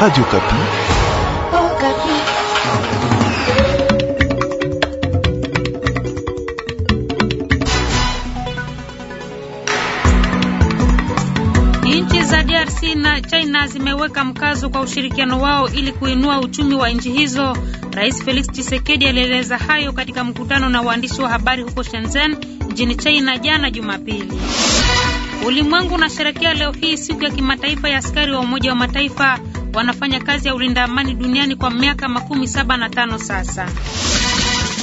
Radio Kapi. Oh, Kapi. Nchi za DRC na China zimeweka mkazo kwa ushirikiano wao ili kuinua uchumi wa nchi hizo. Rais Felix Tshisekedi alieleza hayo katika mkutano na waandishi wa habari huko Shenzhen nchini China jana Jumapili. Ulimwengu unasherekea leo hii siku ya kimataifa ya askari wa Umoja wa Mataifa wanafanya kazi ya ulinda amani duniani kwa miaka makumi saba na tano sasa.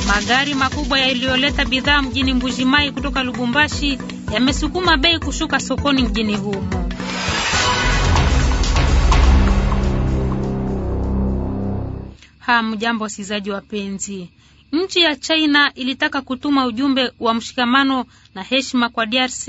Magari makubwa yaliyoleta bidhaa mjini Mbujimai kutoka Lubumbashi yamesukuma bei kushuka sokoni mjini humo. Hamjambo wasikilizaji wapenzi. Nchi ya China ilitaka kutuma ujumbe wa mshikamano na heshima kwa DRC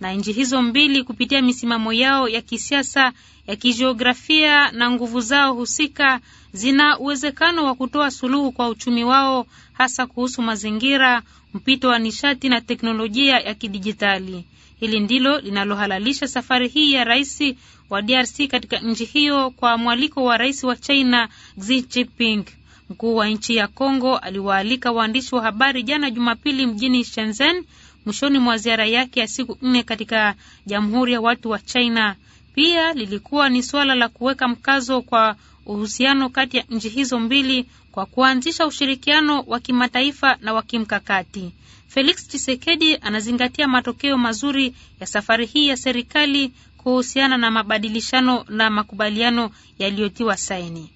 na nchi hizo mbili kupitia misimamo yao ya kisiasa, ya kijiografia na nguvu zao husika zina uwezekano wa kutoa suluhu kwa uchumi wao hasa kuhusu mazingira, mpito wa nishati na teknolojia ya kidijitali. Hili ndilo linalohalalisha safari hii ya rais wa DRC katika nchi hiyo kwa mwaliko wa rais wa China Xi Jinping. Mkuu wa nchi ya Kongo aliwaalika waandishi wa habari jana Jumapili mjini Shenzhen mwishoni mwa ziara yake ya siku nne katika Jamhuri ya Watu wa China. Pia lilikuwa ni suala la kuweka mkazo kwa uhusiano kati ya nchi hizo mbili kwa kuanzisha ushirikiano wa kimataifa na wa kimkakati. Felix chisekedi anazingatia matokeo mazuri ya safari hii ya serikali kuhusiana na mabadilishano na makubaliano yaliyotiwa saini.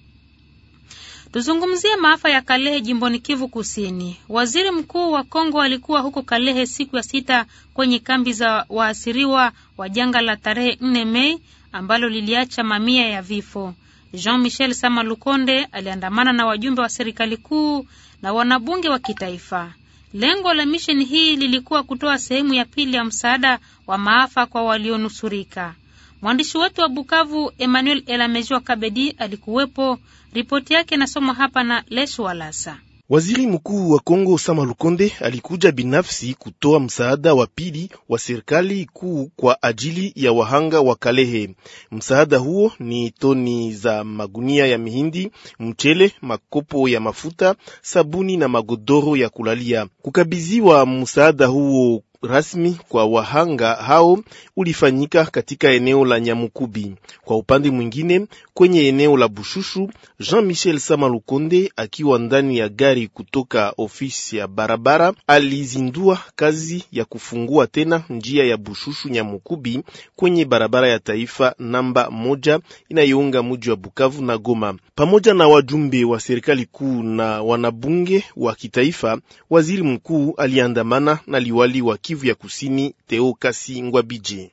Tuzungumzie maafa ya Kalehe jimboni Kivu Kusini. Waziri mkuu wa Kongo alikuwa huko Kalehe siku ya sita kwenye kambi za waasiriwa wa janga la tarehe 4 Mei ambalo liliacha mamia ya vifo. Jean Michel Sama Lukonde aliandamana na wajumbe wa serikali kuu na wanabunge wa kitaifa. Lengo la misheni hii lilikuwa kutoa sehemu ya pili ya msaada wa maafa kwa walionusurika. Mwandishi wetu wa Bukavu Emmanuel Elamejiwa Kabedi alikuwepo Ripoti yake inasomwa hapa na Lesu Walasa. Waziri mkuu wa Kongo Sama Lukonde alikuja binafsi kutoa msaada wa pili wa serikali kuu kwa ajili ya wahanga wa Kalehe. Msaada huo ni toni za magunia ya mihindi, mchele, makopo ya mafuta, sabuni na magodoro ya kulalia. Kukabidhiwa msaada huo rasmi kwa wahanga hao ulifanyika katika eneo la Nyamukubi. Kwa upande mwingine, kwenye eneo la Bushushu, Jean-Michel Samalukonde akiwa ndani ya gari kutoka ofisi ya barabara alizindua kazi ya kufungua tena njia ya Bushushu Nyamukubi kwenye barabara ya taifa namba moja inayounga mji wa Bukavu na Goma, pamoja na wajumbe wa serikali kuu na wanabunge wa kitaifa. Waziri mkuu aliandamana na liwali wa Kivu ya Kusini, Teo Kasi Ngwabije.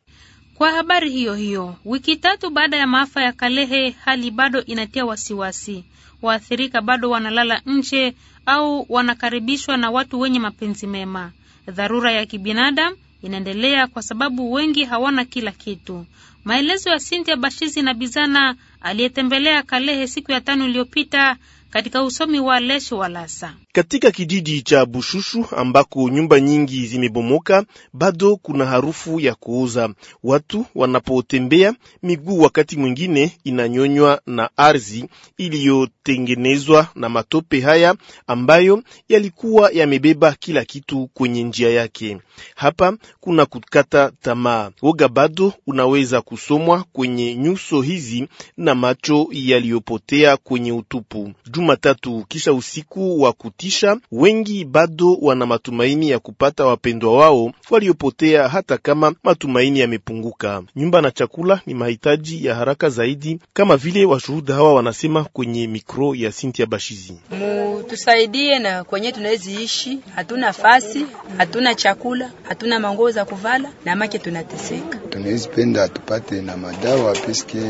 Kwa habari hiyo hiyo, wiki tatu baada ya maafa ya Kalehe, hali bado inatia wasiwasi. Waathirika bado wanalala nje au wanakaribishwa na watu wenye mapenzi mema. Dharura ya kibinadamu inaendelea kwa sababu wengi hawana kila kitu. Maelezo ya Sintia Bashizi na Bizana aliyetembelea Kalehe siku ya tano iliyopita katika usomi wa Lesho Walasa katika kijiji cha Bushushu ambako nyumba nyingi zimebomoka, bado kuna harufu ya kuuza. Watu wanapotembea miguu, wakati mwingine inanyonywa na ardhi iliyotengenezwa na matope haya ambayo yalikuwa yamebeba kila kitu kwenye njia yake. Hapa kuna kukata tamaa. Woga bado unaweza kusomwa kwenye nyuso hizi na macho yaliyopotea kwenye utupu matatu kisha usiku wa kutisha, wengi bado wana matumaini ya kupata wapendwa wao waliopotea, hata kama matumaini yamepunguka. Nyumba na chakula ni mahitaji ya haraka zaidi, kama vile washuhuda hawa wanasema kwenye mikro ya Cynthia Bashizi. Mutusaidie na kwenye tunaweziishi, hatuna fasi, hatuna chakula, hatuna manguo za kuvala na make tunateseka, tunawezi penda na madawa peske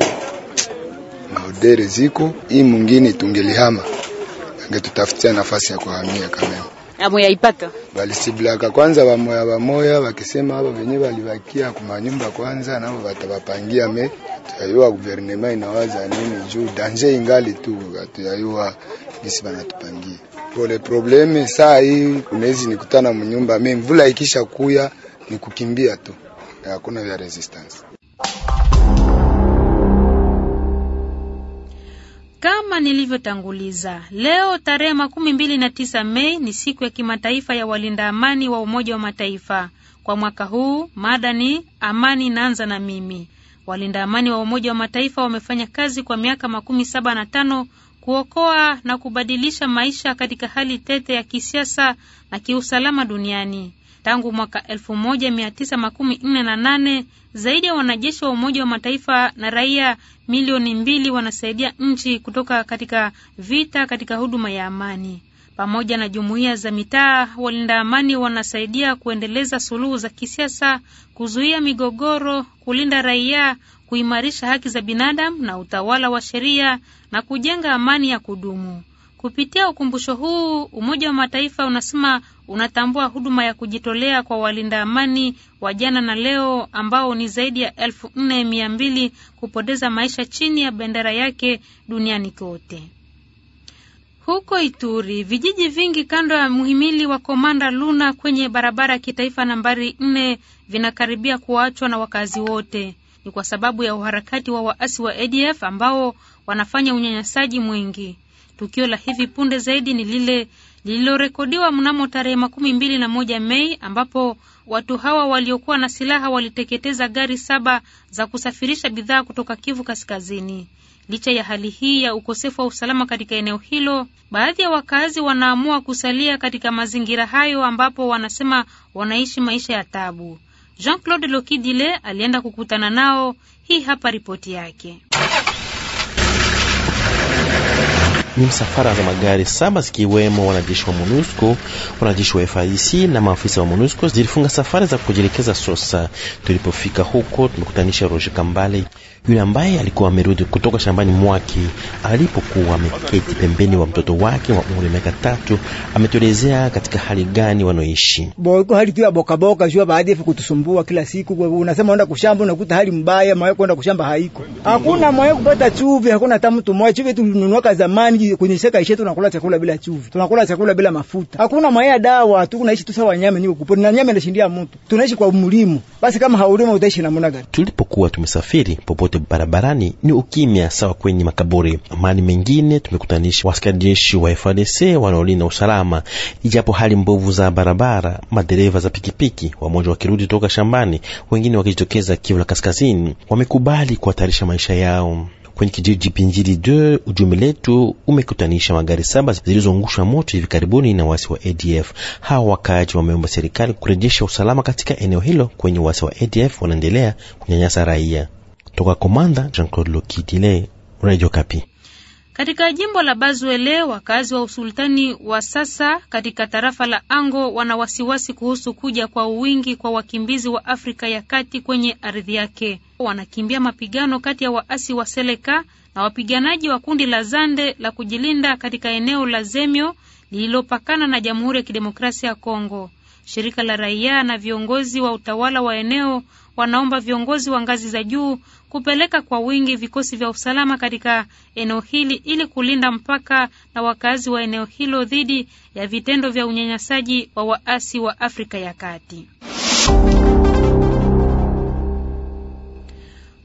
dere ziko hii mwingine, tungelihama angetutafutia nafasi ya kuhamia kamema amuyaipata balisibilaka kwanza bamoya bamoya, bakisema haba venye balibakia kumanyumba kwanza nao batabapangia me. Tuyayua guvernema inawaza nini juu danje ingali tu, tuyayua bisi banatupangia pole probleme. Saa hii kunezi nikutana munyumba me, mvula ikisha kuya ni kukimbia tu, hakuna vya resistance. Kama nilivyotanguliza, leo tarehe makumi mbili na tisa Mei ni siku ya kimataifa ya walinda amani wa Umoja wa Mataifa. Kwa mwaka huu mada ni amani inaanza na mimi. Walinda amani wa Umoja wa Mataifa wamefanya kazi kwa miaka makumi saba na tano kuokoa na kubadilisha maisha katika hali tete ya kisiasa na kiusalama duniani tangu mwaka elfu moja mia tisa makumi nne na nane zaidi ya wanajeshi wa Umoja wa Mataifa na raia milioni mbili wanasaidia nchi kutoka katika vita katika huduma ya amani. Pamoja na jumuiya za mitaa, walinda amani wanasaidia kuendeleza suluhu za kisiasa, kuzuia migogoro, kulinda raia, kuimarisha haki za binadamu na utawala wa sheria na kujenga amani ya kudumu. Kupitia ukumbusho huu, Umoja wa Mataifa unasema unatambua huduma ya kujitolea kwa walinda amani wa jana na leo ambao ni zaidi ya elfu nne mia mbili kupoteza maisha chini ya bendera yake duniani kote. Huko Ituri, vijiji vingi kando ya muhimili wa Komanda Luna kwenye barabara ya kitaifa nambari nne vinakaribia kuachwa na wakazi wote. Ni kwa sababu ya uharakati wa waasi wa ADF ambao wanafanya unyanyasaji mwingi. Tukio la hivi punde zaidi ni lile lililorekodiwa mnamo tarehe makumi mbili na moja Mei ambapo watu hawa waliokuwa na silaha waliteketeza gari saba za kusafirisha bidhaa kutoka Kivu Kaskazini. Licha ya hali hii ya ukosefu wa usalama katika eneo hilo, baadhi ya wakazi wanaamua kusalia katika mazingira hayo ambapo wanasema wanaishi maisha ya tabu Jean-Claude Lokidile alienda kukutana nao. Hii hapa ripoti yake. ni msafara za magari saba zikiwemo wanajeshi wa MONUSCO, wanajeshi wa FARDC na maafisa wa MONUSCO zilifunga safari za kujielekeza Sosa. Tulipofika huko, tumekutanisha Roger Kambale, yule ambaye alikuwa amerudi kutoka shambani mwake alipokuwa ameketi pembeni wa mtoto wake wa umri miaka tatu. Ametuelezea katika hali gani wanaoishi boko, hali kiwa boka boka, jua baadhi kutusumbua kila siku. Unasema unaenda kushamba, unakuta hali mbaya, mawe kwenda kushamba haiko, hakuna mawe kupata chuvi, hakuna hata mtu mwae Chuvi tulinunuaka zamani tunakuja kwenye shaka ishe, tunakula chakula bila chuvi, tunakula chakula bila mafuta, hakuna maya dawa tu, kunaishi tu sawa nyama niko kupona na nyama inashindia mtu, tunaishi kwa mlimo. Basi kama haulima utaishi namna gani? Tulipokuwa tumesafiri popote barabarani ni ukimya sawa kwenye makaburi. Amani mengine tumekutanisha askari jeshi wa FDC wanaolinda usalama, ijapo hali mbovu za barabara, madereva za pikipiki, wamoja wakirudi toka shambani, wengine wakijitokeza Kivu la Kaskazini, wamekubali kuhatarisha maisha yao kwenye kijiji Pinjili 2 ujumbe letu umekutanisha magari saba zilizongushwa moto hivi karibuni na wasi wa ADF. Hawa wakaaji wameomba serikali kurejesha usalama katika eneo hilo kwenye wasi wa ADF wanaendelea kunyanyasa raia. Toka Komanda, Jean Claude Lokidile, Radio Kapi. Katika jimbo la Bazwele, wakazi wa usultani wa sasa katika tarafa la Ango wana wasiwasi kuhusu kuja kwa wingi kwa wakimbizi wa Afrika ya Kati kwenye ardhi yake. Wanakimbia mapigano kati ya waasi wa Seleka na wapiganaji wa kundi la Zande la kujilinda katika eneo la Zemio lililopakana na Jamhuri ya Kidemokrasia ya Kongo. Shirika la raia na viongozi wa utawala wa eneo wanaomba viongozi wa ngazi za juu kupeleka kwa wingi vikosi vya usalama katika eneo hili ili kulinda mpaka na wakazi wa eneo hilo dhidi ya vitendo vya unyanyasaji wa waasi wa Afrika ya Kati.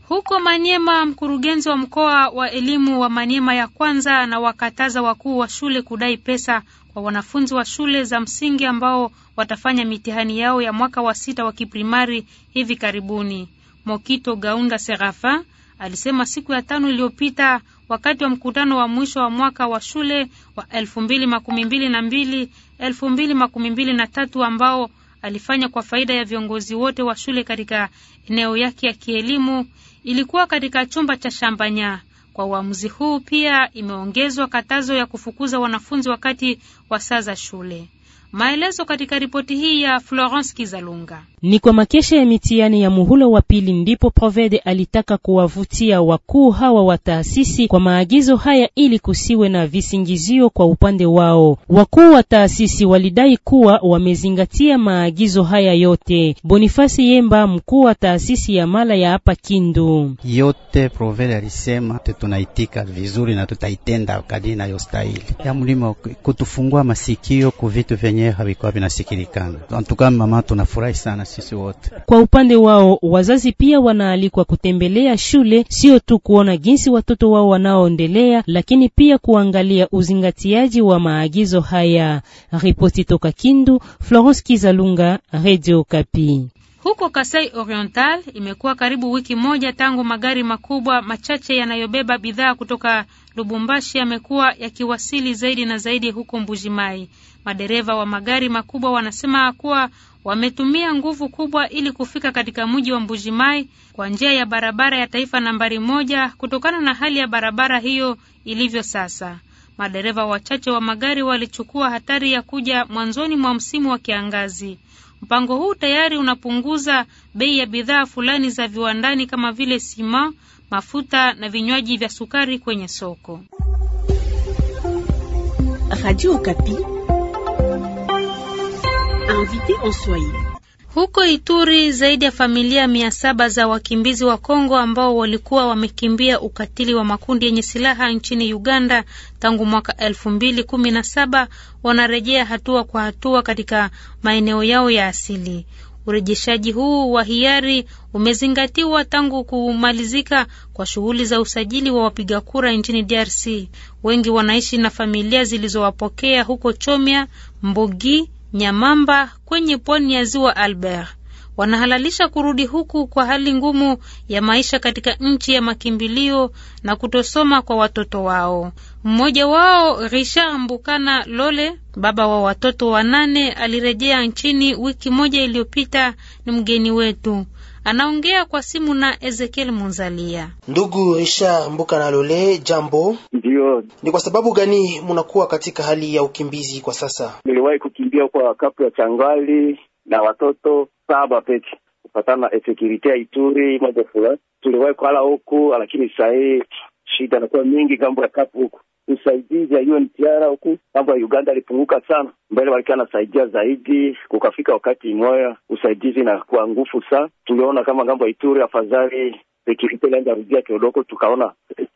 Huko Maniema, mkurugenzi wa mkoa wa elimu wa Maniema ya kwanza na wakataza wakuu wa shule kudai pesa kwa wanafunzi wa shule za msingi ambao watafanya mitihani yao ya mwaka wa sita wa kiprimari hivi karibuni. Mokito Gaunga Serafa alisema siku ya tano iliyopita wakati wa mkutano wa mwisho wa mwaka wa shule wa elfu mbili makumi mbili na mbili elfu mbili makumi mbili na tatu ambao alifanya kwa faida ya viongozi wote wa shule katika eneo yake ya kielimu ilikuwa katika chumba cha Shambanya. Kwa uamuzi huu pia imeongezwa katazo ya kufukuza wanafunzi wakati wa saa za shule. Maelezo katika ripoti hii ya Florence Kizalunga. Ni kwa makesha ya mitihani ya muhula wa pili ndipo Provede alitaka kuwavutia wakuu hawa wa taasisi kwa maagizo haya ili kusiwe na visingizio kwa upande wao. Wakuu wa taasisi walidai kuwa wamezingatia maagizo haya yote. Bonifasi Yemba, mkuu wa taasisi ya mala ya hapa Kindu: yote Provede alisema tunaitika vizuri na tutaitenda kadiri inayostahili. Ya mlima kutufungua masikio kuvitu vyenye havikuwa vinasikilikana. Antukama mama, tunafurahi sana sisi wote. Kwa upande wao, wazazi pia wanaalikwa kutembelea shule, sio tu kuona jinsi watoto wao wanaoendelea, lakini pia kuangalia uzingatiaji wa maagizo haya. Ripoti toka Kindu, Florence Kizalunga, Radio Kapi. Huko Kasai Oriental imekuwa karibu wiki moja tangu magari makubwa machache yanayobeba bidhaa kutoka Lubumbashi yamekuwa yakiwasili zaidi na zaidi huko Mbujimai. Madereva wa magari makubwa wanasema kuwa wametumia nguvu kubwa ili kufika katika mji wa Mbujimai kwa njia ya barabara ya taifa nambari moja kutokana na hali ya barabara hiyo ilivyo sasa. Madereva wachache wa magari walichukua hatari ya kuja mwanzoni mwa msimu wa kiangazi. Mpango huu tayari unapunguza bei ya bidhaa fulani za viwandani kama vile sima, mafuta na vinywaji vya sukari kwenye soko. Radio huko Ituri zaidi ya familia mia saba za wakimbizi wa Kongo ambao walikuwa wamekimbia ukatili wa makundi yenye silaha nchini Uganda tangu mwaka elfu mbili kumi na saba wanarejea hatua kwa hatua katika maeneo yao ya asili. Urejeshaji huu wa hiari umezingatiwa tangu kumalizika kwa shughuli za usajili wa wapiga kura nchini DRC. Wengi wanaishi na familia zilizowapokea huko Chomia, Mbogi Nyamamba kwenye pwani ya Ziwa Albert. Wanahalalisha kurudi huku kwa hali ngumu ya maisha katika nchi ya makimbilio na kutosoma kwa watoto wao. Mmoja wao Richard Mbukana Lole, baba wa watoto wanane, alirejea nchini wiki moja iliyopita. Ni mgeni wetu. Anaongea kwa simu na Ezekiel Munzalia. Ndugu Richard Mbuka na Lole, jambo. Ndio, ni kwa sababu gani munakuwa katika hali ya ukimbizi kwa sasa? Niliwahi kukimbia kwa kapu ya Changali na watoto saba peke kupatana na efekirite ya Ituri moja fulani, tuliwahi kuhala huku, lakini sahii shida anakuwa mingi gambo ya kapu huku usaidizi ya untr huku mambo ya Uganda alipunguka sana, mbele walikuwa anasaidia zaidi, kukafika wakati moya usaidizi na kwa nguvu sana. Tuliona kama ngambo ya Ituri afadhali security inaenda rudia kidogo, tukaona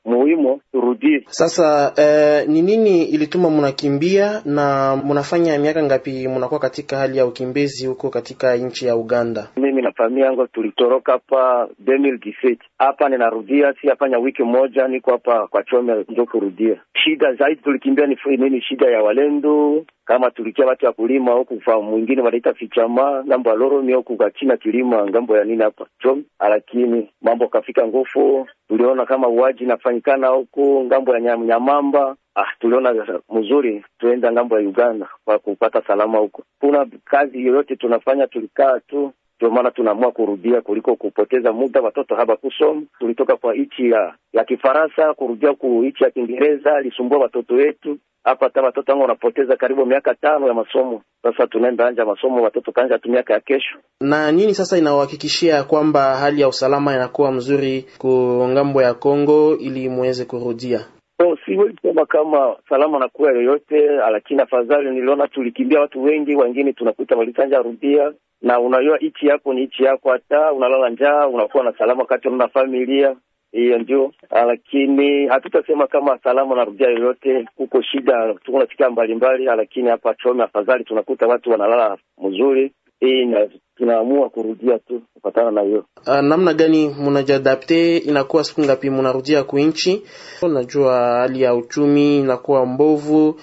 muhimu turudie. Sasa eh, ni nini ilituma munakimbia na munafanya miaka ngapi munakuwa katika hali ya ukimbizi huko katika nchi ya Uganda? Mimi na familia yangu tulitoroka hapa 2017 hapa ninarudia, si hafanya wiki moja, niko hapa kwa Chome ndio kurudia. Shida zaidi tulikimbia ni nini? Shida ya Walendo kama tulikia watu ya kulima huku kwa mwingine wanaita fichama namba loromi huku kwa China kilima ngambo ya nini hapa Chome, lakini mambo ka tukafika Ngofo, tuliona kama uaji inafanyikana huko ngambo ya Nyamamba. Ah, tuliona mzuri tuenda ngambo ya Uganda kwa kupata salama huko. Kuna kazi yoyote tunafanya, tulikaa tu ndio maana tunaamua kurudia kuliko kupoteza muda watoto haba kusoma. Tulitoka kwa ichi ya, ya Kifaransa kurudia ku ichi ya Kiingereza lisumbua watoto wetu hapa. Hata watoto wangu wanapoteza karibu miaka tano ya masomo. Sasa tunaenda anja masomo watoto kanja tu miaka ya kesho. Na nyinyi sasa inawahakikishia kwamba hali ya usalama inakuwa mzuri ku ngambo ya Kongo ili muweze kurudia So siwezi kusema kama salama na kuwa yoyote, lakini afadhali niliona tulikimbia watu wengi, wengine tunakuta walisanja rudia, na unajua ichi yako ni ichi yako, hata unalala njaa unakuwa na salama wakati una familia hiyo ndio, lakini hatutasema kama salama na rudia yoyote. Kuko shida, tuko na fikira mbalimbali, lakini hapa Chome afadhali tunakuta watu wanalala mzuri, hii na tunaamua kurudia tu kupatana na hiyo. Uh, namna gani mnajiadapte? Inakuwa siku ngapi mnarudia kuinchi? Unajua hali ya uchumi inakuwa mbovu,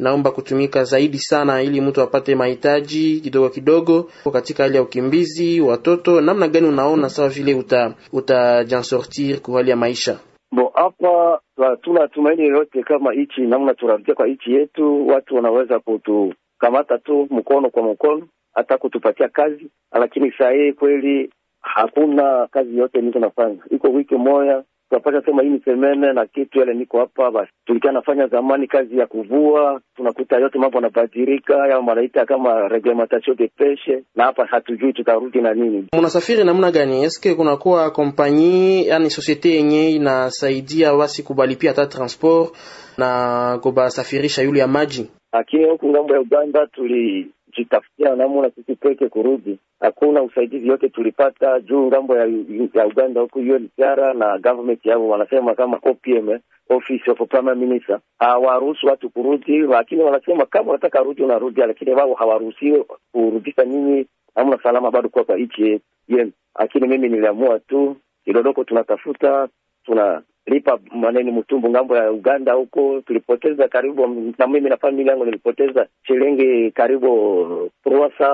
inaomba kutumika zaidi sana ili mtu apate mahitaji kidogo kidogo. Katika hali ya ukimbizi watoto, namna gani unaona sawa vile uta utajansortir kwa hali ya maisha? Bo, hapa ah, tuna tumaini yoyote kama hichi namna tunarudia kwa hichi yetu, watu wanaweza kutukamata tu mkono kwa mkono hata kutupatia kazi, lakini saa hii kweli hakuna kazi yote niko nafanya, iko wiki moya tunapata sema hii ni semene na kitu yale, niko hapa basi. Tulikaa nafanya zamani kazi ya kuvua, tunakuta yote mambo yanabadilika, ya wanaita kama reglementation de peshe, na hapa hatujui tutarudi na nini. Mnasafiri namna gani? Eske kunakuwa kompanyi, yani sosiete yenye inasaidia wasi kubalipia hata transport na kubasafirisha yule ya maji? Lakini huku ngambo ya Uganda tuli kujitafutia namna sisi peke kurudi. Hakuna usaidizi yote tulipata juu ngambo ya, ya Uganda huku UNHCR na government yao wanasema kama OPM Office of Prime Minister hawaruhusu watu kurudi, lakini wanasema kama unataka rudi unarudi, lakini wao hawaruhusiwe kurudisha nyinyi, namna salama bado kuwa kwa nchi yenu. Lakini mimi niliamua tu Kidodoko tunatafuta tuna lipa maneno mtumbu ngambo ya Uganda huko tulipoteza karibu, na mimi na familia yangu nilipoteza shilingi karibu prosa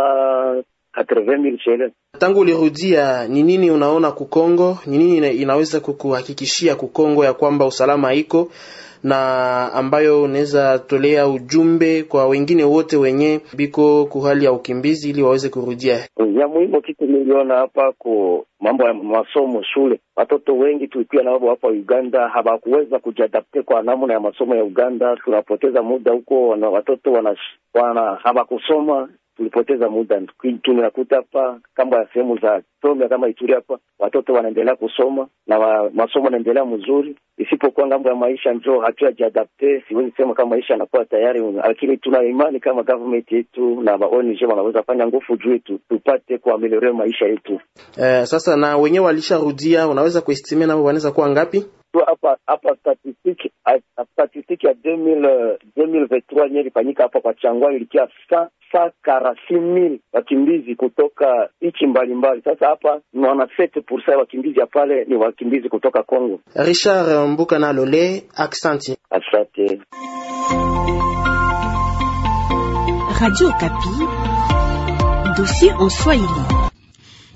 Tangu ulirudia, ni nini unaona kukongo? Ni nini inaweza kukuhakikishia kukongo ya kwamba usalama iko na ambayo unaweza tolea ujumbe kwa wengine wote wenye biko kuhali ya ukimbizi ili waweze kurudia ya muhimu. Kitu niliona hapa ku mambo ya masomo shule, watoto wengi tulikuwa na wao hapa Uganda hawakuweza kujiadapte kwa namna ya masomo ya Uganda. Tunapoteza muda huko, watoto wana, wana hawakusoma tulipoteza muda. Tunakuta hapa ya sehemu za Tomia kama Ituri hapa watoto wanaendelea kusoma na wa, masomo yanaendelea mzuri, isipokuwa ngambo ya maisha njo jiadapte. Siwezi sema kama maisha yanakuwa tayari, lakini tuna imani kama government yetu na ONG wanaweza fanya nguvu juu yetu tupate kuameliore maisha yetu. Eh, sasa na wenyewe walisharudia, unaweza kuestimia nao wanaweza kuwa ngapi? tu hapa hapa statistiki a, statistiki ya 2000, 2023 yenye ilifanyika hapa kwa Changwa ilikia sa sa karasi mil wakimbizi kutoka nchi mbalimbali. Sasa hapa ni wana 7% ya wakimbizi ya pale ni wakimbizi kutoka Kongo. Richard Mbuka na Lole, aksanti, asante. Radio Kapi, dossier en Swahili.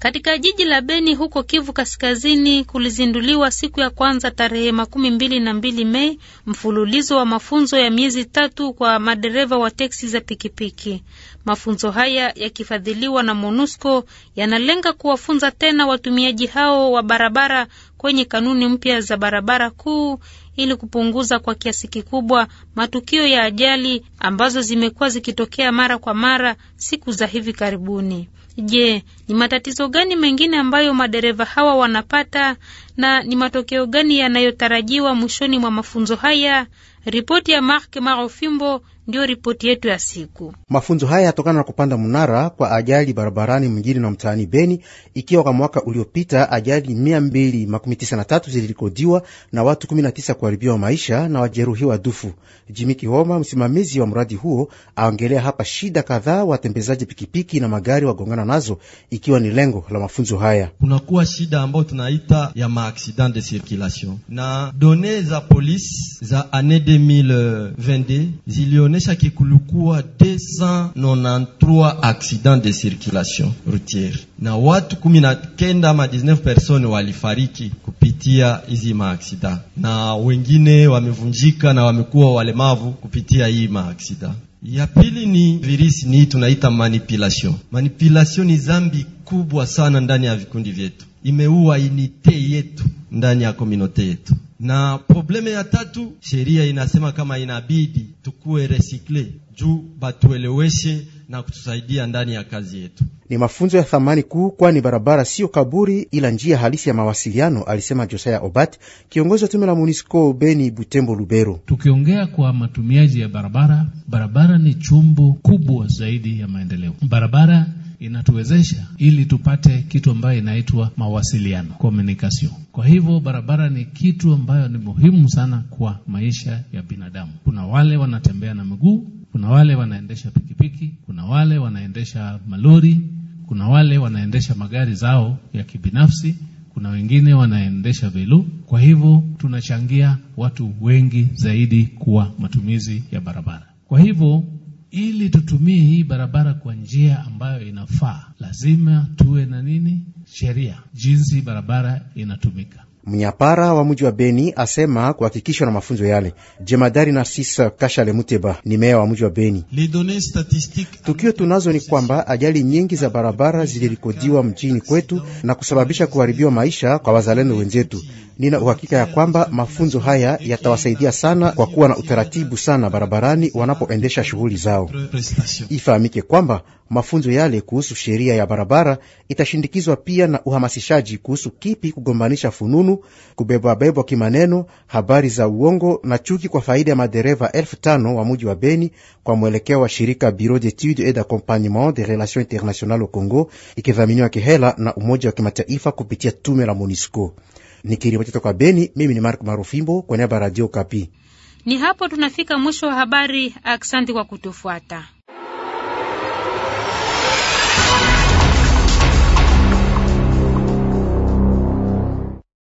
Katika jiji la Beni huko Kivu Kaskazini kulizinduliwa siku ya kwanza tarehe makumi mbili na mbili Mei mfululizo wa mafunzo ya miezi tatu kwa madereva wa teksi za pikipiki. Mafunzo haya yakifadhiliwa na MONUSCO yanalenga kuwafunza tena watumiaji hao wa barabara kwenye kanuni mpya za barabara kuu ili kupunguza kwa kiasi kikubwa matukio ya ajali ambazo zimekuwa zikitokea mara kwa mara siku za hivi karibuni. Je, ni matatizo gani mengine ambayo madereva hawa wanapata na ni matokeo gani yanayotarajiwa mwishoni mwa mafunzo haya? Ripoti ya Mark Marofimbo Ndiyo ripoti yetu ya siku. Mafunzo haya yatokana na kupanda mnara kwa ajali barabarani mjini na mtaani Beni, ikiwa kwa mwaka uliopita ajali 293 zilirikodiwa na watu 19 kuharibiwa maisha na wajeruhiwa dufu. Jimi Kihoma, msimamizi wa mradi huo, aongelea hapa shida kadhaa watembezaji pikipiki na magari wagongana nazo, ikiwa ni lengo la mafunzo haya. Kunakuwa shida ambayo tunaita ya maaksident de circulation na done za polisi za ane 2022 zilione inaonyesha kulikuwa 293 accident de circulation routiere na watu kumi na kenda ama 19 persone walifariki kupitia hizi maaksida, na wengine wamevunjika na wamekuwa walemavu kupitia hii maaksida. Ya pili ni virisi, ni tunaita manipulation. Manipulation ni zambi kubwa sana ndani ya vikundi vyetu, imeua unite yetu ndani ya komunote yetu na probleme ya tatu, sheria inasema kama inabidi tukuwe resikle juu batueleweshe na kutusaidia ndani ya kazi yetu. Ni mafunzo ya thamani kuu, kwani barabara siyo kaburi, ila njia halisi ya mawasiliano, alisema Josaya Obat, kiongozi wa tume la MONUSCO Beni, Butembo, Lubero. Tukiongea kwa matumiaji ya barabara, barabara ni chombo kubwa zaidi ya maendeleo. Barabara inatuwezesha ili tupate kitu ambayo inaitwa mawasiliano communication. Kwa hivyo barabara ni kitu ambayo ni muhimu sana kwa maisha ya binadamu. Kuna wale wanatembea na miguu, kuna wale wanaendesha pikipiki, kuna wale wanaendesha malori, kuna wale wanaendesha magari zao ya kibinafsi kuna wengine wanaendesha velu. Kwa hivyo tunachangia watu wengi zaidi kuwa matumizi ya barabara. Kwa hivyo ili tutumie hii barabara kwa njia ambayo inafaa, lazima tuwe na nini, sheria jinsi barabara inatumika. Mnyapara wa mji wa Beni asema kuhakikishwa na mafunzo yale. Jemadari Narcis Kashale Muteba ni meya wa mji wa Beni. Tukio tunazo ni kwamba ajali nyingi za barabara zilirikodiwa mjini kwetu na kusababisha kuharibiwa maisha kwa wazalendo wenzetu. Nina uhakika ya kwamba mafunzo haya yatawasaidia sana kwa kuwa na utaratibu sana barabarani wanapoendesha shughuli zao. Ifahamike kwamba mafunzo yale kuhusu sheria ya barabara itashindikizwa pia na uhamasishaji kuhusu kipi kugombanisha fununu, kubebwabebwa kimaneno, habari za uongo na chuki kwa faida ya madereva elfu tano wa muji wa Beni kwa mwelekeo wa shirika Bureau d'Etude et d'Accompagnement des Relations Internationales au Congo, ikidhaminiwa kihela na Umoja wa Kimataifa kupitia tume la MONUSCO. Nikiripotia toka Beni, mimi ni Mark Marufimbo kwa niaba ya Radio Kapi. Ni hapo tunafika mwisho wa habari. Aksanti kwa kutufuata.